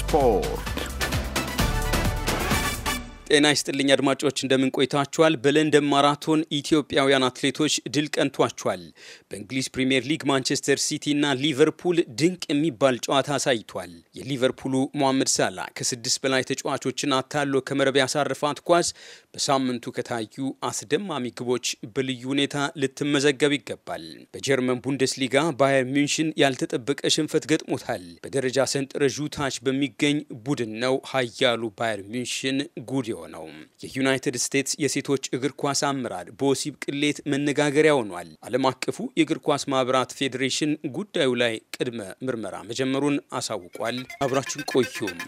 Spor. ጤና ይስጥልኝ አድማጮች፣ እንደምን ቆይታችኋል? በለንደን ማራቶን ኢትዮጵያውያን አትሌቶች ድል ቀንቷቸዋል። በእንግሊዝ ፕሪምየር ሊግ ማንቸስተር ሲቲ እና ሊቨርፑል ድንቅ የሚባል ጨዋታ አሳይቷል። የሊቨርፑሉ ሞሐመድ ሳላ ከስድስት በላይ ተጫዋቾችን አታሎ ከመረብ ያሳረፋት ኳስ በሳምንቱ ከታዩ አስደማሚ ግቦች በልዩ ሁኔታ ልትመዘገብ ይገባል። በጀርመን ቡንደስሊጋ ባየር ሚንሽን ያልተጠበቀ ሽንፈት ገጥሞታል። በደረጃ ሰንጠረዡ ታች በሚገኝ ቡድን ነው ኃያሉ ባየር ሚንሽን ጉድ የሆነው። የዩናይትድ ስቴትስ የሴቶች እግር ኳስ አመራር በወሲብ ቅሌት መነጋገሪያ ሆኗል። ዓለም አቀፉ የእግር ኳስ ማህበራት ፌዴሬሽን ጉዳዩ ላይ ቅድመ ምርመራ መጀመሩን አሳውቋል። አብራችን ቆዩም።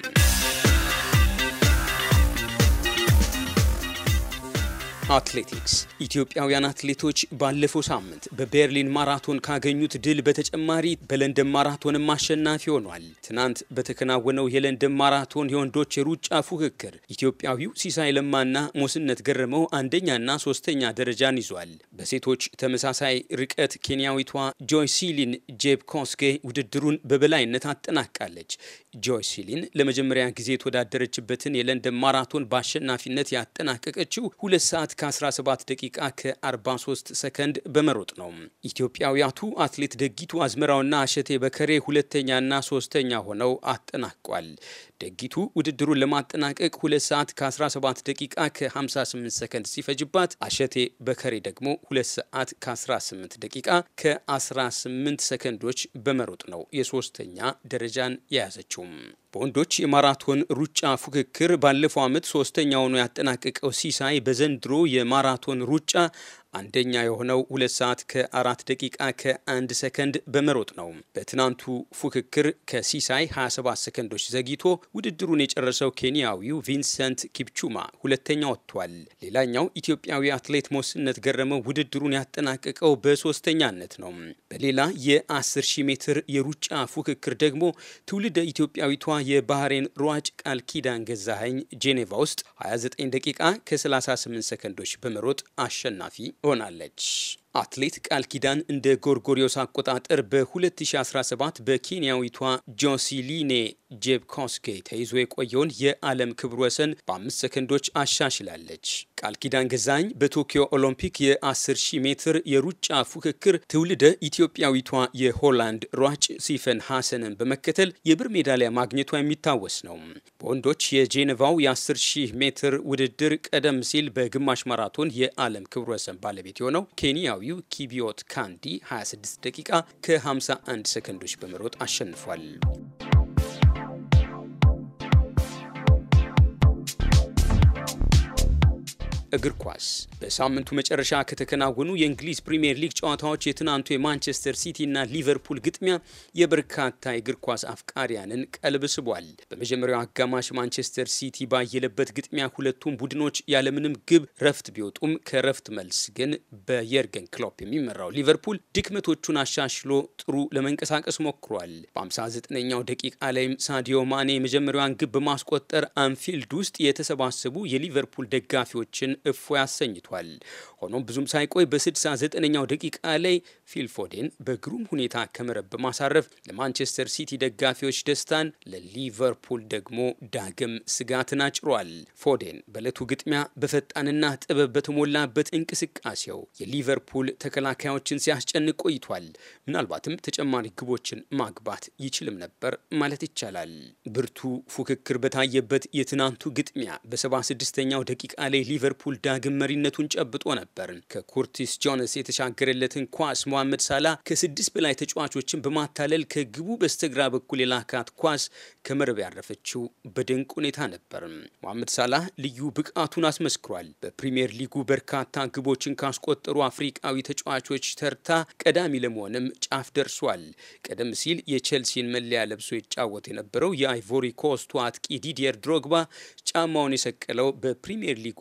አትሌቲክስ ኢትዮጵያውያን አትሌቶች ባለፈው ሳምንት በቤርሊን ማራቶን ካገኙት ድል በተጨማሪ በለንደን ማራቶንም አሸናፊ ሆኗል። ትናንት በተከናወነው የለንደን ማራቶን የወንዶች የሩጫ ፉክክር ኢትዮጵያዊው ሲሳይ ለማና ሞስነት ገረመው አንደኛና ሶስተኛ ደረጃን ይዟል። በሴቶች ተመሳሳይ ርቀት ኬንያዊቷ ጆይሲሊን ጄብ ኮስጌ ውድድሩን በበላይነት አጠናቃለች። ጆይሲሊን ለመጀመሪያ ጊዜ የተወዳደረችበትን የለንደን ማራቶን በአሸናፊነት ያጠናቀቀችው ሁለት ሰዓት ከ17 ደቂቃ ከ43 ሰከንድ በመሮጥ ነው። ኢትዮጵያዊያቱ አትሌት ደጊቱ አዝመራውና አሸቴ በከሬ ሁለተኛና ሶስተኛ ሆነው አጠናቋል። ደጊቱ ውድድሩን ለማጠናቀቅ 2 ሰዓት ከ17 ደቂቃ ከ58 ሰከንድ ሲፈጅባት፣ አሸቴ በከሬ ደግሞ 2 ሰዓት ከ18 ደቂቃ ከ18 ሰከንዶች በመሮጥ ነው የሶስተኛ ደረጃን የያዘችውም። በወንዶች የማራቶን ሩጫ ፉክክር ባለፈው ዓመት ሶስተኛ ሆኖ ያጠናቀቀው ሲሳይ በዘንድሮ የማራቶን ሩጫ አንደኛ የሆነው ሁለት ሰዓት ከአራት ደቂቃ ከአንድ ሰከንድ በመሮጥ ነው። በትናንቱ ፉክክር ከሲሳይ 27 ሰከንዶች ዘግይቶ ውድድሩን የጨረሰው ኬንያዊው ቪንሰንት ኪፕቹማ ሁለተኛ ወጥቷል። ሌላኛው ኢትዮጵያዊ አትሌት ሞስነት ገረመው ውድድሩን ያጠናቀቀው በሶስተኛነት ነው። በሌላ የ10 ሺህ ሜትር የሩጫ ፉክክር ደግሞ ትውልደ ኢትዮጵያዊቷ የባህሬን ሯጭ ቃል ኪዳን ገዛኸኝ ጄኔቫ ውስጥ 29 ደቂቃ ከ38 ሰከንዶች በመሮጥ አሸናፊ ሆናለች። አትሌት ቃል ኪዳን እንደ ጎርጎሪዮስ አቆጣጠር በ2017 በኬንያዊቷ ጆሲሊኔ ጄብ ተይዞ የቆየውን የዓለም ክብር ወሰን በአምስት ሰከንዶች አሻሽላለች። ቃል ኪዳን ገዛኝ በቶኪዮ ኦሎምፒክ የ10,000 ሜትር የሩጫ ፉክክር ትውልደ ኢትዮጵያዊቷ የሆላንድ ሯጭ ሲፈን ሐሰንን በመከተል የብር ሜዳሊያ ማግኘቷ የሚታወስ ነው። በወንዶች የጄኔቫው የ10,000 ሜትር ውድድር ቀደም ሲል በግማሽ ማራቶን የዓለም ክብር ወሰን ባለቤት የሆነው ኬንያዊ ኬንያዊው ኪቢዮት ካንዲ 26 ደቂቃ ከ51 ሰከንዶች በመሮጥ አሸንፏል። እግር ኳስ በሳምንቱ መጨረሻ ከተከናወኑ የእንግሊዝ ፕሪምየር ሊግ ጨዋታዎች የትናንቱ የማንቸስተር ሲቲ እና ሊቨርፑል ግጥሚያ የበርካታ የእግር ኳስ አፍቃሪያንን ቀልብ ስቧል። በመጀመሪያው አጋማሽ ማንቸስተር ሲቲ ባየለበት ግጥሚያ ሁለቱም ቡድኖች ያለምንም ግብ ረፍት ቢወጡም ከረፍት መልስ ግን በየርገን ክሎፕ የሚመራው ሊቨርፑል ድክመቶቹን አሻሽሎ ጥሩ ለመንቀሳቀስ ሞክሯል። በ59ኛው ደቂቃ ላይም ሳዲዮ ማኔ የመጀመሪያዋን ግብ በማስቆጠር አንፊልድ ውስጥ የተሰባሰቡ የሊቨርፑል ደጋፊዎችን እፎ አሰኝቷል። ሆኖም ብዙም ሳይቆይ በ69ኛው ደቂቃ ላይ ፊልፎዴን በግሩም ሁኔታ ከመረብ በማሳረፍ ለማንቸስተር ሲቲ ደጋፊዎች ደስታን፣ ለሊቨርፑል ደግሞ ዳግም ስጋትን አጭሯል። ፎዴን በዕለቱ ግጥሚያ በፈጣንና ጥበብ በተሞላበት እንቅስቃሴው የሊቨርፑል ተከላካዮችን ሲያስጨንቅ ቆይቷል። ምናልባትም ተጨማሪ ግቦችን ማግባት ይችልም ነበር ማለት ይቻላል። ብርቱ ፉክክር በታየበት የትናንቱ ግጥሚያ በ76ኛው ደቂቃ ላይ ሊቨርፑል በኩል ዳግም መሪነቱን ጨብጦ ነበር። ከኩርቲስ ጆንስ የተሻገረለትን ኳስ መሐመድ ሳላ ከስድስት በላይ ተጫዋቾችን በማታለል ከግቡ በስተግራ በኩል የላካት ኳስ ከመረብ ያረፈችው በድንቅ ሁኔታ ነበር። መሐመድ ሳላ ልዩ ብቃቱን አስመስክሯል። በፕሪምየር ሊጉ በርካታ ግቦችን ካስቆጠሩ አፍሪቃዊ ተጫዋቾች ተርታ ቀዳሚ ለመሆንም ጫፍ ደርሷል። ቀደም ሲል የቼልሲን መለያ ለብሶ ይጫወት የነበረው የአይቮሪ ኮስቱ አጥቂ ዲዲየር ድሮግባ ጫማውን የሰቀለው በፕሪምየር ሊጉ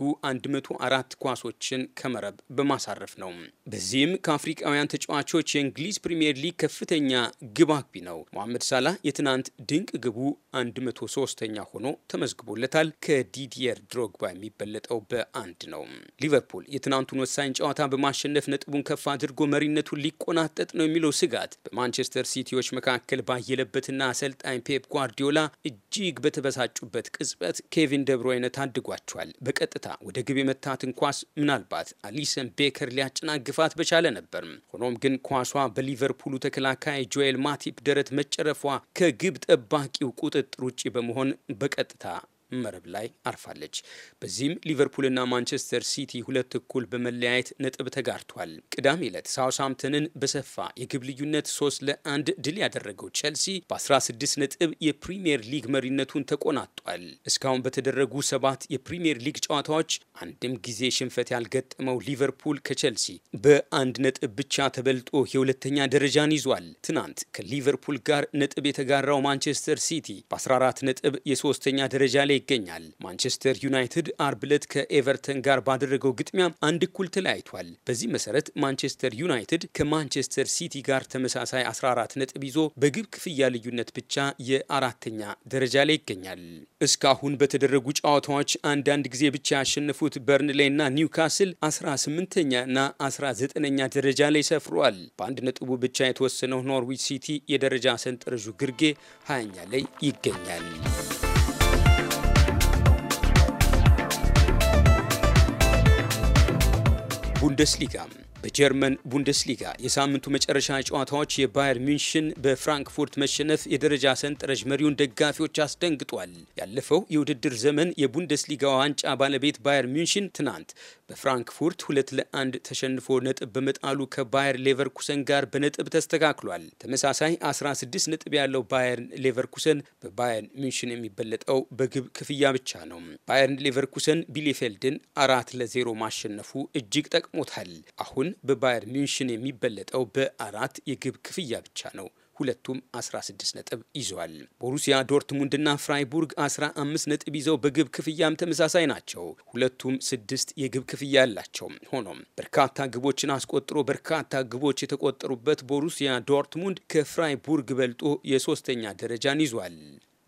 በየአመቱ አራት ኳሶችን ከመረብ በማሳረፍ ነው። በዚህም ከአፍሪቃውያን ተጫዋቾች የእንግሊዝ ፕሪምየር ሊግ ከፍተኛ ግብ አግቢ ነው። ሞሐመድ ሳላህ የትናንት ድንቅ ግቡ 103ኛ ሆኖ ተመዝግቦለታል። ከዲዲየር ድሮግባ የሚበለጠው በአንድ ነው። ሊቨርፑል የትናንቱን ወሳኝ ጨዋታ በማሸነፍ ነጥቡን ከፍ አድርጎ መሪነቱን ሊቆናጠጥ ነው የሚለው ስጋት በማንቸስተር ሲቲዎች መካከል ባየለበትና አሰልጣኝ ፔፕ ጓርዲዮላ እጅግ በተበሳጩበት ቅጽበት ኬቪን ደብሮ አይነት አድጓቸዋል በቀጥታ ወደ ግብ የመታትን ኳስ ምናልባት አሊሰን ቤከር ሊያጨናግፋት በቻለ ነበር። ሆኖም ግን ኳሷ በሊቨርፑሉ ተከላካይ ጆኤል ማቲፕ ደረት መጨረፏ ከግብ ጠባቂው ቁጥጥር ውጭ በመሆን በቀጥታ መረብ ላይ አርፋለች። በዚህም ሊቨርፑልና ማንቸስተር ሲቲ ሁለት እኩል በመለያየት ነጥብ ተጋርቷል። ቅዳሜ ዕለት ሳውስሃምፕተንን በሰፋ የግብ ልዩነት ሶስት ለአንድ ድል ያደረገው ቼልሲ በ16 ነጥብ የፕሪምየር ሊግ መሪነቱን ተቆናጧል። እስካሁን በተደረጉ ሰባት የፕሪምየር ሊግ ጨዋታዎች አንድም ጊዜ ሽንፈት ያልገጠመው ሊቨርፑል ከቼልሲ በአንድ ነጥብ ብቻ ተበልጦ የሁለተኛ ደረጃን ይዟል። ትናንት ከሊቨርፑል ጋር ነጥብ የተጋራው ማንቸስተር ሲቲ በ14 ነጥብ የሶስተኛ ደረጃ ላይ ይገኛል። ማንቸስተር ዩናይትድ አርብ ዕለት ከኤቨርተን ጋር ባደረገው ግጥሚያ አንድ እኩል ተለያይቷል። በዚህ መሰረት ማንቸስተር ዩናይትድ ከማንቸስተር ሲቲ ጋር ተመሳሳይ 14 ነጥብ ይዞ በግብ ክፍያ ልዩነት ብቻ የአራተኛ ደረጃ ላይ ይገኛል። እስካሁን በተደረጉ ጨዋታዎች አንዳንድ ጊዜ ብቻ ያሸነፉት በርንሌይና ኒውካስል 18 ኛ እና 19ኛ ደረጃ ላይ ሰፍሯል። በአንድ ነጥቡ ብቻ የተወሰነው ኖርዊች ሲቲ የደረጃ ሰንጠረዡ ግርጌ 20ኛ ላይ ይገኛል። ቡንደስሊጋ በጀርመን ቡንደስሊጋ የሳምንቱ መጨረሻ ጨዋታዎች የባየር ሚንሽን በፍራንክፉርት መሸነፍ የደረጃ ሰንጠረዥ መሪውን ደጋፊዎች አስደንግጧል። ያለፈው የውድድር ዘመን የቡንደስሊጋ ዋንጫ ባለቤት ባየር ሚንሽን ትናንት በፍራንክፉርት ሁለት ለአንድ ተሸንፎ ነጥብ በመጣሉ ከባየር ሌቨርኩሰን ጋር በነጥብ ተስተካክሏል። ተመሳሳይ 16 ነጥብ ያለው ባየርን ሌቨርኩሰን በባየርን ሚንሽን የሚበለጠው በግብ ክፍያ ብቻ ነው። ባየርን ሌቨርኩሰን ቢሌፌልድን አራት ለዜሮ ማሸነፉ እጅግ ጠቅሞታል። አሁን በባየር ሚንሽን የሚበለጠው በአራት የግብ ክፍያ ብቻ ነው። ሁለቱም 16 ነጥብ ይዘዋል። ቦሩሲያ ዶርትሙንድና ፍራይቡርግ 15 ነጥብ ይዘው በግብ ክፍያም ተመሳሳይ ናቸው። ሁለቱም ስድስት የግብ ክፍያ ያላቸው። ሆኖም በርካታ ግቦችን አስቆጥሮ በርካታ ግቦች የተቆጠሩበት ቦሩሲያ ዶርትሙንድ ከፍራይቡርግ በልጦ የሶስተኛ ደረጃን ይዟል።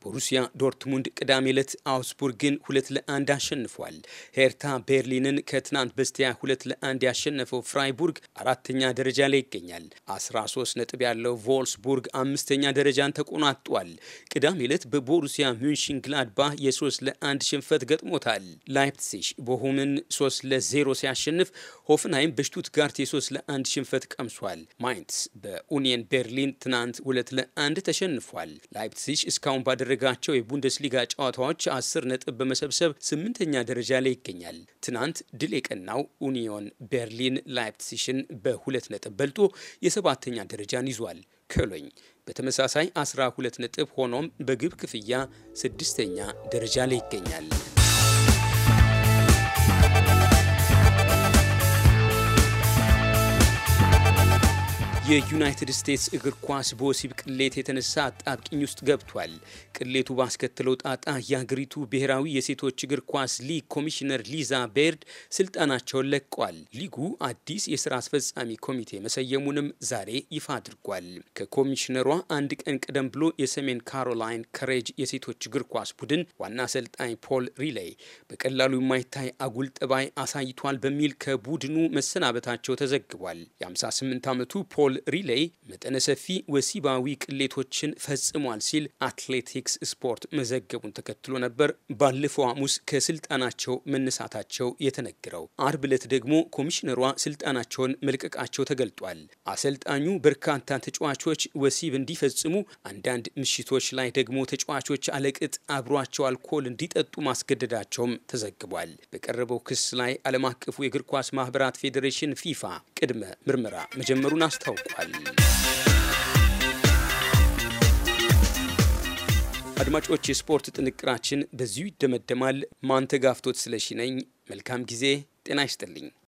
ቦሩሲያ ዶርትሙንድ ቅዳሜ ዕለት አውስቡርግን ሁለት ለአንድ አሸንፏል። ሄርታ ቤርሊንን ከትናንት በስቲያ ሁለት ለአንድ ያሸነፈው ፍራይቡርግ አራተኛ ደረጃ ላይ ይገኛል። 13 ነጥብ ያለው ቮልስቡርግ አምስተኛ ደረጃን ተቆናጧል። ቅዳሜ ዕለት በቦሩሲያ ሚንሽን ግላድባህ የሶስት ለአንድ ሽንፈት ገጥሞታል። ላይፕሲሽ ቦሁምን 3 ለዜሮ 0 ሲያሸንፍ፣ ሆፍንሃይም በሽቱትጋርት የሶስት ለአንድ ሽንፈት ቀምሷል። ማይንትስ በኡኒየን ቤርሊን ትናንት ሁለት ለአንድ ተሸንፏል። ላይፕሲሽ እስካሁን ባደረ ባደረጋቸው የቡንደስሊጋ ጨዋታዎች አስር ነጥብ በመሰብሰብ ስምንተኛ ደረጃ ላይ ይገኛል። ትናንት ድል የቀናው ኡኒዮን ቤርሊን ላይፕሲሽን በሁለት ነጥብ በልጦ የሰባተኛ ደረጃን ይዟል። ኮሎኝ በተመሳሳይ 12 ነጥብ ሆኖም በግብ ክፍያ ስድስተኛ ደረጃ ላይ ይገኛል። የዩናይትድ ስቴትስ እግር ኳስ በወሲብ ቅሌት የተነሳ አጣብቂኝ ውስጥ ገብቷል። ቅሌቱ ባስከትለው ጣጣ የአገሪቱ ብሔራዊ የሴቶች እግር ኳስ ሊግ ኮሚሽነር ሊዛ ቤርድ ስልጣናቸውን ለቋል። ሊጉ አዲስ የስራ አስፈጻሚ ኮሚቴ መሰየሙንም ዛሬ ይፋ አድርጓል። ከኮሚሽነሯ አንድ ቀን ቀደም ብሎ የሰሜን ካሮላይን ከሬጅ የሴቶች እግር ኳስ ቡድን ዋና አሰልጣኝ ፖል ሪሌይ በቀላሉ የማይታይ አጉል ጠባይ አሳይቷል በሚል ከቡድኑ መሰናበታቸው ተዘግቧል። የ58 ዓመቱ ፖል ሪሌይ መጠነ ሰፊ ወሲባዊ ቅሌቶችን ፈጽሟል ሲል አትሌቲክስ ስፖርት መዘገቡን ተከትሎ ነበር ባለፈው ሐሙስ ከስልጣናቸው መነሳታቸው የተነገረው። አርብ ዕለት ደግሞ ኮሚሽነሯ ስልጣናቸውን መልቀቃቸው ተገልጧል። አሰልጣኙ በርካታ ተጫዋቾች ወሲብ እንዲፈጽሙ፣ አንዳንድ ምሽቶች ላይ ደግሞ ተጫዋቾች አለቅጥ አብሯቸው አልኮል እንዲጠጡ ማስገደዳቸውም ተዘግቧል። በቀረበው ክስ ላይ ዓለም አቀፉ የእግር ኳስ ማህበራት ፌዴሬሽን ፊፋ ቅድመ ምርመራ መጀመሩን አስታውቋል። አድማጮች፣ የስፖርት ጥንቅራችን በዚሁ ይደመደማል። ማንተጋፍቶት ስለሺ ነኝ። መልካም ጊዜ። ጤና ይስጥልኝ።